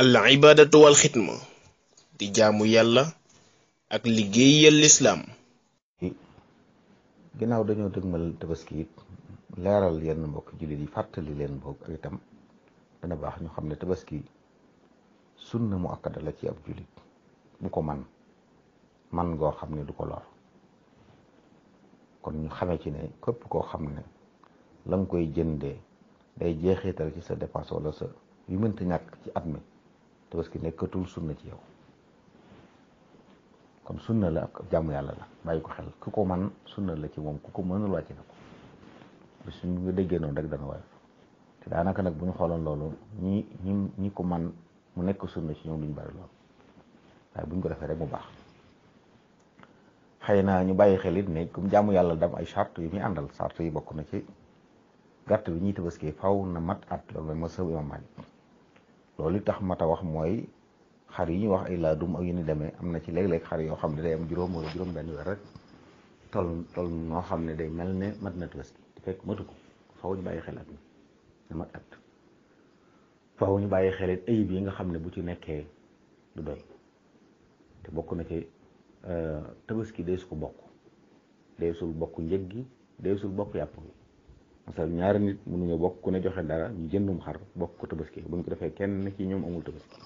al ibadatu xidma di jaamu yàlla ak liggéey liggéeyal lislaam ginnaaw dañoo dëgmal tabaski it leeral yenn mbokk jullit yi fàttali leen boog ak itam dana baax ñu xam ne tabaski sunna mu akkada la ci ab jullit bu ko man man ngoo xam ne du ko lor kon ñu xamee ci ne képp koo xam ne la koy jënde day jeexital ci sa dépense wala sa yu mënta ñàkk ci at mi te tabaski nekkatul sunna ci yow kon sunna la ak jàmm yàlla la bàyyi ko xel ku ko man sunna la ci moom ku ko mënul wàcc na ko bi suñ nga déggee noonu rek dana woyof te daanaka nag bu ñu xooloon loolu ñii ñi ñi ko man mu nekk sunna ci ñoom duñ bari lool waaye buñ ko defee rek mu baax xëy naa ñu bàyyi xel it ne comme jàmm yàlla dam ay charte yu muy àndal charte yi bokk na ci gàtt bi ñii ñuy tabaskee faw na mat at loolu mooy ma sëw imam Malik loolu li tax a wax mooy xar yi ñuy wax ay laadum ak yu ni demee am na ci léeg-léeg xar yoo xam ne day am juróom wala juróom benn weer rek toll toll noo xam ne day mel ne mat na tabaski te fekk matu ko faaw ñu bàyyi xel at na mat at faaw ñu bàyyi xel it ayib yi nga xam ne bu ci nekkee du doy te bokk na ci euh, tabaski day su ko bokk day sul bokk njëg gi day sul bokk yàpp masal ñaari nit mënuñu bokk ku ne joxe dara ñu jëndum xar bokk ko tabaski buñ ko defee kenn ci ñoom amul tabaski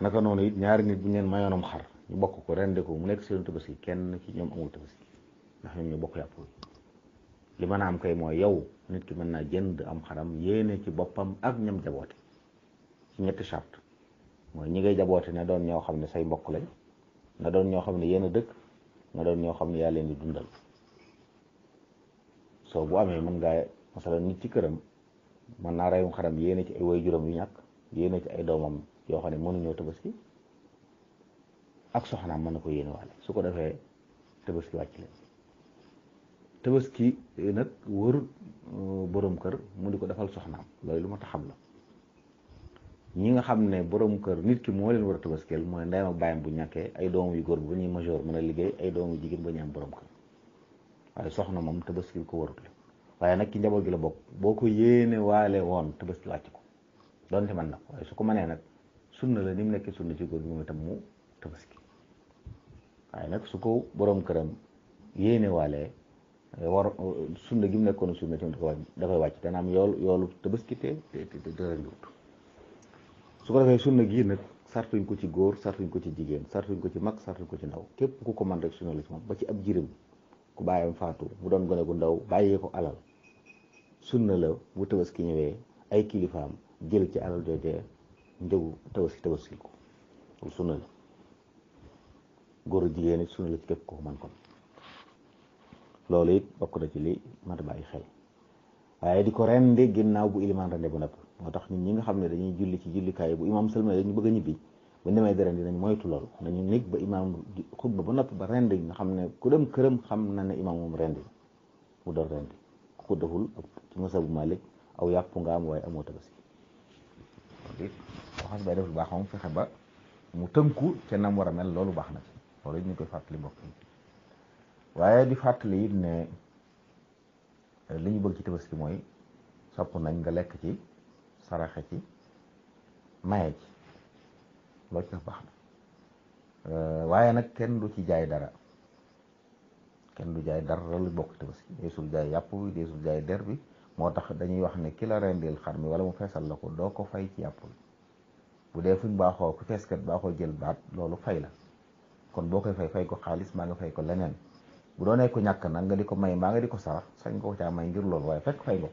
naka noonu it ñaari nit bu ñu leen xar ñu bokk ko rende ko mu nekk seen tabaski kenn ci ñoom amul tabaski ndax ñoom ñu bokk yàpp li mën a am kay mooy yow nit ki mën naa jënd am xaram yéene ci boppam ak ñam jaboote ci ñetti charte mooy ñi ngay jaboote na doon ñoo xam ne say mbokk lañ na doon ñoo xam ne yéen a dëkk na doon ñoo xam ne yaa leen di dundal soo bu amee mën ngaa masalan nit ci këram mën naa reyum xaram yéene ci ay way juróom yu ñàkk yéene ci ay doomam yoo xam ne mënuñoo tabaski ak soxnaam mën na ko yéene waale su ko defee tabaski wàcc leen tabaski nag warut euh, borom kër mu di ko defal soxnaam loolu lu ma ta xam la ñi nga xam ne borom kër nit ki moo leen war a tabaskeel mooy ndeyam ak bàyyam bu ñàkkee ay doomu yu góor bu ñuy major mën a liggéey ay doomu jigéen ba ñu am borom kër waaye soxna moom tabaski ko warut la waaye nag ci njaboot gi la bokk boo ko yéene waale woon tabaski wàcc ko donte man nag waaye su ko mënee nag sunna la ni mu nekk sunna ci góor gi moom mu tabaski waaye nag su ko borom këram yéene waale war sunna gi mu nekkoon sunna tamit dafay wàcc dana am yool yoolu tabaski te te te dara njuut su ko defee sunna gi nag sartuñ ko ci góor sartuñ ko ci jigéen sartuñ ko ci mag sartuñ ko ci ndaw képp ku ko man rek sunna la ci moom ba ci ab jirim ku bàyyam faatu mu doon gone gu ndaw bàyyee ko alal sunna la bu ki ñëwee ay kilifaam jël ci alal joojee njëgu tabaski tabaskil ko loolu sunna la góor jigéen it sunna la ci képp ko man kon loolu it bokk na ci li mat bàyyi xel waaye di ko rendi ginnaaw bu ilimaan rendi ba noppi moo tax ñun ñi nga xam ne dañuy julli ci jullikaay bu imaam sëlma dañu bëgg a ñibbi bu ñu demee dara yi nañ moytu loolu nañu nekk ba imaam xutba ba noppi ba rendi nga xam ne ku dem këram xam na ne imaam moom rendi mu doon rendi ku ko deful ci masabu Malik aw yàpp nga am waaye amoo tabaski loolu it xas bay def lu baax moom fexe ba mu tënku ca nam war a mel loolu baax na ci loolu it ñu koy fàttali mbokk yi waaye di fàttali it ne euh, li ñu bëgg ci tabaski mooy sopp nañ nga lekk ci saraxe ci maye ci loolu sax baax na euh, waaye nag kenn du ci jaay dara kenn du jaay dara lu bokk tabaski deesul jaay yàpp bi deesul jaay der bi moo tax dañuy wax ne ki la rendil xar mi wala mu feesal la ko doo ko fay ci yàpp bi bu dee fuñ baaxoo ku feeskat baaxoo jël baat loolu fay la kon boo koy fay fay ko xaalis maa nga fay ko leneen bu doonee ko ñàkk nag nga di ko may maa nga di ko sarax sañ ko caa may ngir loolu waaye fekk fay bokk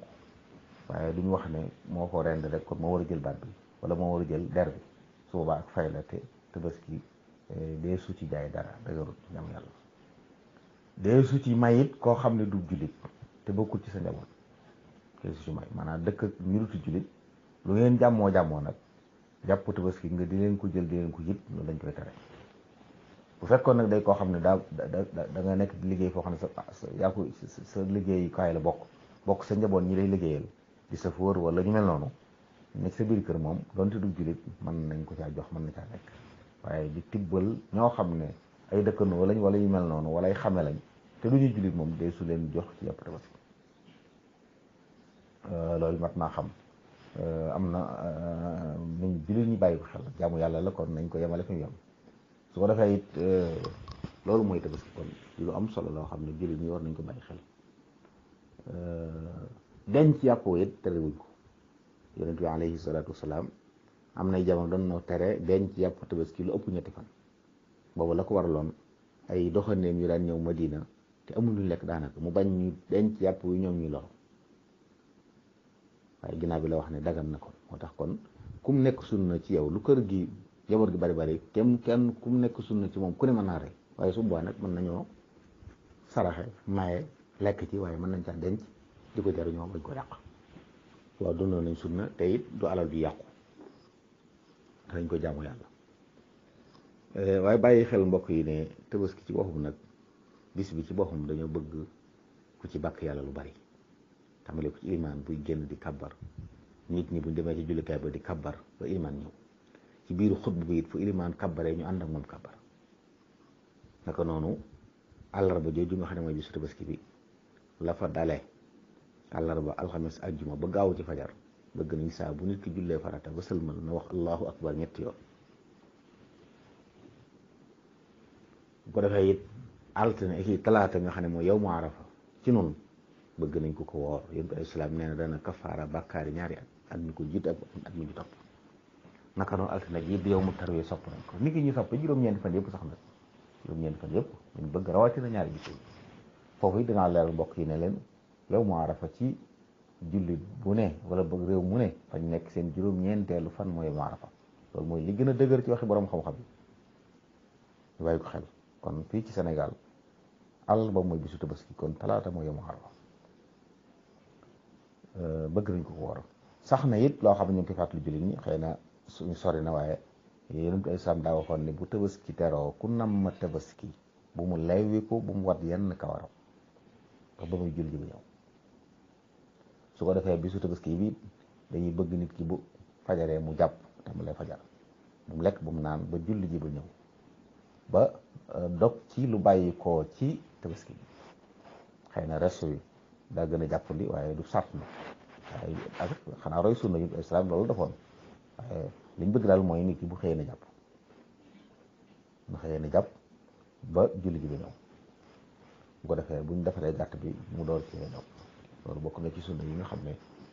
ko waaye duñu wax ne moo ko rend rek kon moo war a jël baat bi wala moo war a jël der bi suuba ak fay la te tabaski eh, dee su ci jaay dara dëgërut ñam yàlla dee su ci mayit koo xam ne du jullit te bokkul ci sa njaboot dee su may maanaam dëkk ak ñu dutu jullit lu ngeen jàmmoo jàmmoo nag jàpp tabaski nga di leen ko jël di leen ko yit loolu lañ koy tere bu fekkoon nag day koo xam ne daa da da nga nekk liggéey foo xam ne sa ah, yaa ko sa la bokk bokk sa njaboot ñi lay liggéeyal di sa fóor wala ñu mel noonu nekk sa biir kër moom donte du jullit mën nañ ko caa jox man na caa lekk waaye di tibbal ñoo xam ne ay dëkkandoo lañ wala yu mel noonu wala ay xame lañ te du ñu jullit moom dee su leen jox ci yàpp tabaski euh, loolu mat naa xam euh, am na euh, nañ jullit ñi bàyyi ko xel jaamu yàlla la kon nañ ko yemale fi mu yem defee it loolu mooy tabaski kon lu am solo loo xam ne jullit ñi war nañ ko bàyyi xel denc yàppoo it terewuñ ko yonent bi alayhi salaatu wasalaam am nay jamono doon na tere denc ci yàpp tabaski lu ëpp ñetti fan boobu la ko loon ay doxandeem yu daan ñëw Madina te amul lu lekk daanaka mu bañ ñu denc yàpp yu ñoom ñu lor waaye ginnaaw bi la wax ne dagan na ko moo tax kon kum nekk sunna ci yow lu kër gi jaboot gi bari bari kenn kenn kum nekk sunna ci moom ku ne ma naa rey waaye su boobaa nag mën nañoo saraxe maye lekk ci waaye mën nañ caa denc di ko jariñoo bañ ko yàq waaw doonoon nañ sunna te it du alal ju yàqu dañ ko jaamu yàlla eh, waaye bàyyi xel mbokk yi ne tabaski ci boppam nag bis bi ci boppam dañoo bëgg ku ci bàkk yàlla lu bari tàmbale ko ci ilimaan buy génn di kabbar nit ñi buñ demee ci jullikaay ba di kabbar ba ilimaan ñëw ci biiru xutba bi it fu ilimaan kabbaree ñu ànd ak moom kabbar naka noonu àllarba jooju nga xam ne mooy bisu tabaski bi la fa dale àllarba alxames ajjuma ba gaaw ci fajar bëgg nañ saa bu nit ki jullee farata ba sëlmal na wax allahu akbar ñetti yoon bu defee it altine kii talaata nga xam ne mooy yow mu arafa ci noonu bëgg nañ ko ko woor yéen ko islaam nee na dana kafaara bàkkaari ñaari at at mi ko jiit ak at mi ju topp naka noonu altine ji yow mu tarwee sopp nañ ko nit ki ñu sopp juróom-ñeenti fan yépp sax nag juróom-ñeenti fan yëpp ñu bëgg rawatina ñaari gis foofu dinaa mbokk yi ne leen yow maarafa ci jullit bu ne wala bëgg réew mu ne fañ nekk seen juróom-ñeenteelu fan mooy maarafa loolu mooy li gën a dëgër ci waxi borom xam-xam yi ñu ko xel kon fii ci senegal Sénégal àllarba mooy bisu tabaski kon talaata mooy yow maarafa euh, bëgg nañ ko ko war sax na it loo xam ne ñu ngi koy fàttali jullit ñi xëy na suñu sori na waaye yonent ay sam daa waxoon ne bu tabaski teroo ku nam ma tabaski bu mu lewwi ko bu mu wat yenn kawaram ba ba muy su ko defee bisu tabaski bi dañuy bëgg nit ki bu fajaree mu jàpp tàmbalee fajar bu mu lekk bu mu naan ba julli ji ba ñëw ba euh, dog ci lu bàyyi koo ci tabaski bi xëy na resto yi daa gën a jàppandi waaye du sart na xanaa roy sunna yu islam loolu defoon waaye liñ bëgg daal mooy nit ki bu xëyee na jàpp na xëyee na jàpp ba julli ji ba ñëw bu ko defee buñ defaree gàtt bi mu door ci ñëw loolu bokk na ci sunna yi nga xam ne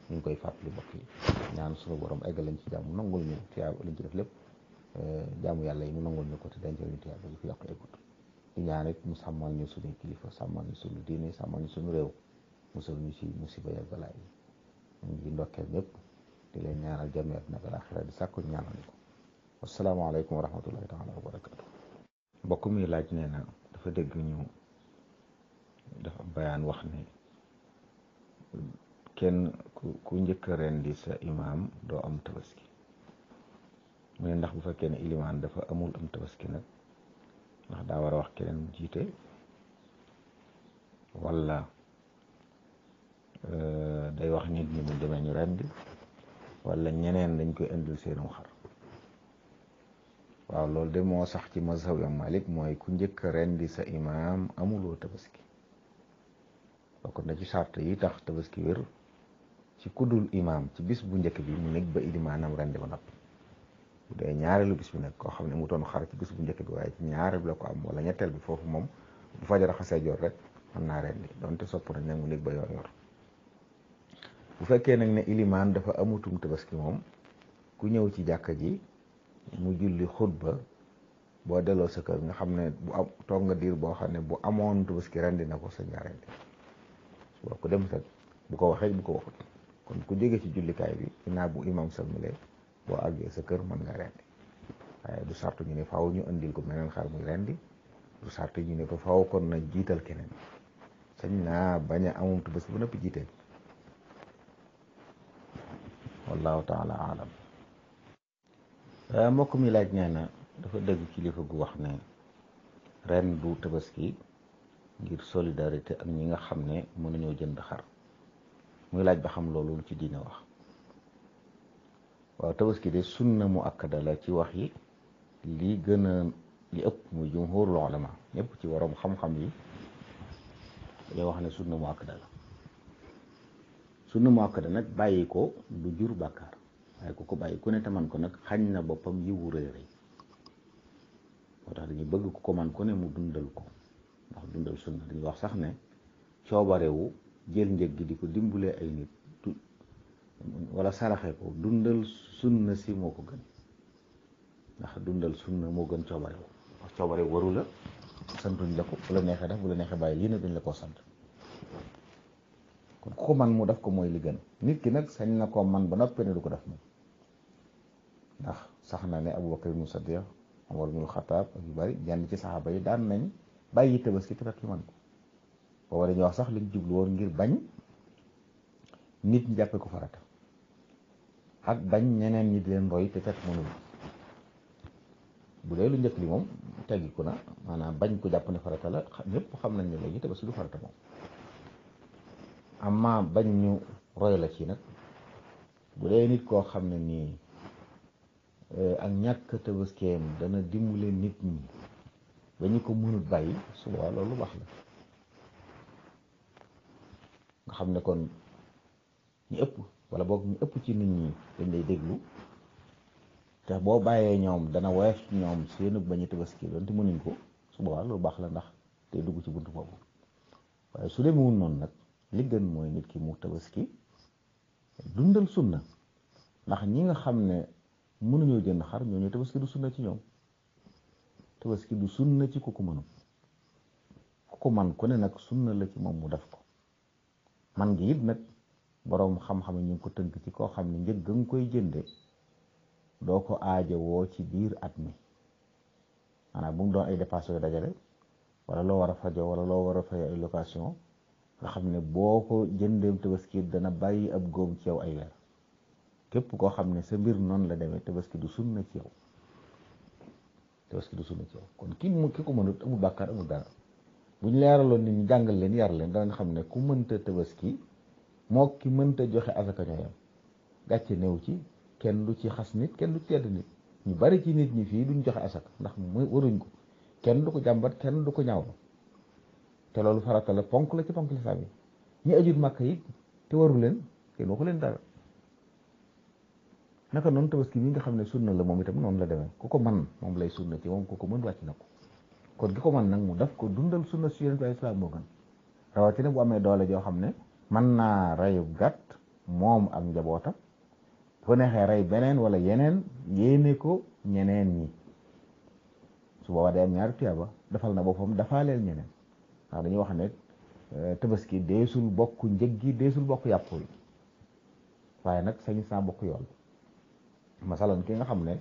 ñu ngi koy fàttali mbokk yi ñaan suñu borom eggal lañ ci jàmm nangul ñu tiyaab lañ ci def lépp eh, jaamu yàlla yi mu nangul ñu ko te dencal ñu tiyaab yi fi yàqu eggut di ñaan it mu sàmmal ñu suñu kilifa sàmmal ñu suñu diine sàmmal ñu suñu réew mu ñu ci musiba ya balaay yi ñu ngi ndokkeel ñëpp di leen ñaanal jàmm ak nag alaxira di sàkku ñaanal ñu ko wasalaamaaleykum wa rahmatullahi taala wa barakatu mbokk mi laaj nee na dafa dégg ñu wax ne kenn ku ku njëkk a rendi sa imaam doo am tabaski mu ne ndax bu fekkee ne ilimaan dafa amul am tabaski nag ndax daa war a wax keneen jiite walla euh, day wax nit ñi bu demee rendi walla ñeneen dañ koy indil seenum xar waaw loolu de moo sax ci mazhab Malik mooy ku njëkk a rendi sa imaam amuloo tabaski bokk na ci sart yi tax tabaski wér ci kuddul imaam ci bis bu njëkk bi mu nekk ba ilimaanam rendi ba noppi bu dee ñaareelu bis bi nag koo xam ne mu doon xar ci bis bu njëkk bi waaye ci ñaareelu la ko am wala ñetteel bi foofu moom bu fajar xasee jot rek mën naa rendi donte sopp nañ nag mu nekk ba yor yor bu fekkee nag ne ilimaan dafa amutum tabaski moom ku ñëw ci jàkka ji mu julli xutba boo delloo sa kër nga xam ne bu am toog nga diir boo xam ne bu amoon tabaski rendi na ko sañ nga rendi war ko dem sag bu ko waxee bu ko waxut kon ku jege ci jullikaay bi ginnaaw bu imam salmile boo àggee sa kër mën nga rendi waaye du sartu ñu ne faaw ñu andil ko meneen xar muy rendi du sartu ñu ne ko faw kon na jiital keneen sañ naa bañ a amum tu bés bu nëpp jiitee wallahu taala alam mbokk mi laaj nee na dafa dëgg kilifa gu wax ne ren du tabaski ngir solidarité ak ñi nga xam ne mënuñoo jënd xar muy laaj ba xam loolu ci diine wax waaw tabaski de sunna mu akkada la ci wax yi li gën a li ëpp muy jumhurul ulama ñëpp ci waroom xam-xam yi dañoo wax ne sunna mu akkada la sunna mu akkada nag bàyyi ko du jur bàkkaar waaye ku ko bàyyi ku ne man ko nag xañ na boppam yiwu rëy rëy moo tax dañuy bëgg ku ko man ko ne mu dundal ko ndax dundal sunna dañu wax sax ne coobarewu jël njëg gi di ko dimbulee ay nit wala saraxe ko dundal sunna si moo ko gën ndax dundal sunna moo gën coobarewu ndax coobarewu waru la la ko bu la neexee def bu la neexee bàyyi lii nag dañ la koo sant kon ku man mu def ko mooy li gën nit ki nag sañ na koo man ba noppi ne du ko def moom ndax sax na ne Abubakar ibnu Sadiq Umar ibnu Xataab ak yu bari ñenn ci saxaaba yi daan nañ bàyyi tabaski te fekk ñu mën ko booba dañuy wax sax liñ jublu ngir bañ nit ñi jàppe ko farata ak bañ ñeneen ñi di leen roy te fekk mënuñu bu dee lu njëkk li moom teggiku na maanaam bañ ko jàpp ne farata la ñëpp xam nañ ne léegi tabaski du farata moom amma bañ ñu roy la ci nag bu dee nit koo xam ne nii eh, ak ñàkk tabaskeem dana leen nit ñi ba ñu ko mënut bàyyi su boobaa lu baax na nga xam ne kon ñu ëpp wala boog ñu ëpp ci nit ñi dañ lay déglu te boo bàyyee ñoom dana woyof ñoom seen bañ a tabaski donte mënuñ ko su boobaa loolu baax la ndax te dugg ci buntu boobu waaye su demewul noonu nag li gën mooy nit ki mu tabaski dundal sunna ndax ñi nga xam ne mënuñoo jënd xar ñoo ñu tabaski du sunna ci ñoom. tabaski du sunna ci ku ko mënu ku ko man ku ne nag sunna la ci moom mu def ko man gi it nag boroom xam-xam ñu ngi ko tënk ci koo xam ne njëg nga koy jënde doo ko aaja woo ci biir at mi maanaam bu mu doon ay dépenses yooyu dajale wala loo war a fajoo wala loo war a fay ay location nga xam ne boo ko jëndeem tabaski dana bàyyi ab góom ci yow ay weer képp koo xam ne sa mbir noonu la demee tabaski du sunna ci yow tabaski du sunna ci yow kon ki mu ki ko mënut amul bàkkaar amul dara bu ñu leeraloon nit ñi jàngal leen yar leen danañ xam ne ku mënta tabaski moo ki mënta joxe asaka ñoo yam gàcce néew ci kenn du ci xas nit kenn du tedd nit ñu bari ci nit ñi fii ñu joxe asaka ndax mooy waruñ ko kenn du ko jàmbat kenn du ko ñaawlu te loolu farata la ponk la ci ponk lislaam yi ñi ajut màkk yi te waru leen kenn waxu leen dara naka noonu tabaski bi nga xam ne sunna la moom itam noonu la demee ku ko man moom lay sunna ci moom ku ko mën wàcc na ko kon gi ko man nag mu daf ko dundal sunna si yonent bi islaam moo gën rawatina bu amee doole joo xam ne man naa rayub gàtt moom ak njabootam bu neexee rey beneen wala yeneen yéene ko ñeneen ñi su boobaa dee am ñaari tuyaaba defal na boppam dafaaleel ñeneen ndax dañuy wax ne euh, tabaski deesul bokk njëg gi deesul bokk yàpp yi waaye nag sañ saa bokk yool masalan ki nga xam ne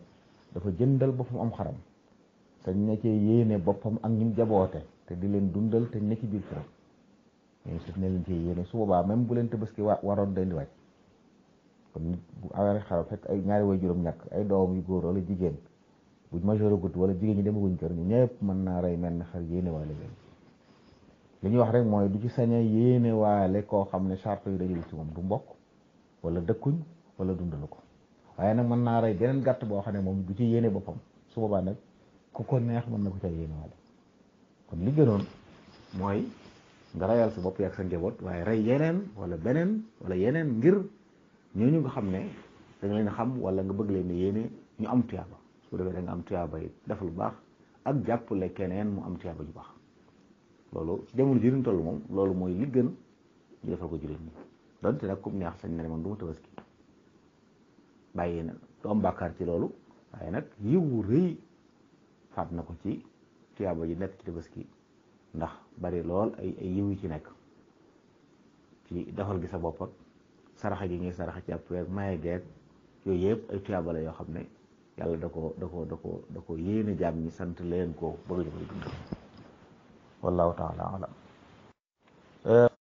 dafa jëndal boppam am xaram te ñu ne cee yéene boppam ak ñim jaboote te di leen dundal te ñu ne ci biir këram ñooñu ne leen cee yéene su boobaa même bu leen tabaski wa waroon dañ di wàcc kon nit bu awee xaram fekk ay ñaari way juróom ñàkk ay doom yu góor wala jigéen buñ majeure gudd wala jigéen ñi demaguñ kër ñu ñëpp mën naa rey mel ne xar yéene waale leen li ñuy wax rek mooy du ci sañ a yéene waale koo xam ne charte yu dajul ci moom du mbokk wala dëkkuñ wala dundalu ko waaye nag mën naa rey beneen gàtt boo xam ne moom du ci yéene boppam su boobaa nag ku ko neex mën na ko ca yéene wala kon li gënoon mooy nga rayal sa bopp yàgg sa njaboot waaye rey yeneen wala beneen wala yeneen ngir ñoo ñu nga xam ne dañ leen xam wala nga bëgg leen yéene ñu am tuyaaba su defee da nga am tuyaaba yi def lu baax ak jàppale keneen mu am tuyaaba ju baax loolu jamono ji ñu toll moom loolu mooy li gën ñu defal ko jullit ñi donte nag comme neex na ne man bàyyi na du am ci loolu waaye nag yiwu rëy faat na ko ci tuyaaba ji nekk ci tabaski ndax bari lool ay ay yiw yi ci nekk ci defal gi sa bopp ak saraxa gi ngi saraxa ci ab weer maye geeg yooyu yëpp ay tuyaaba la yoo xam ne yàlla da ko da ko da ko da ko yéene jaam ñi sant leen ko bëgg ñu koy dund wallahu taala alam